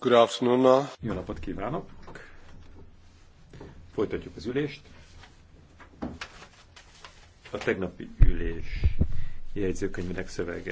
Good afternoon. Jó napot kívánok! Folytatjuk az ülést. A tegnapi ülés jegyzőkönyvének szövege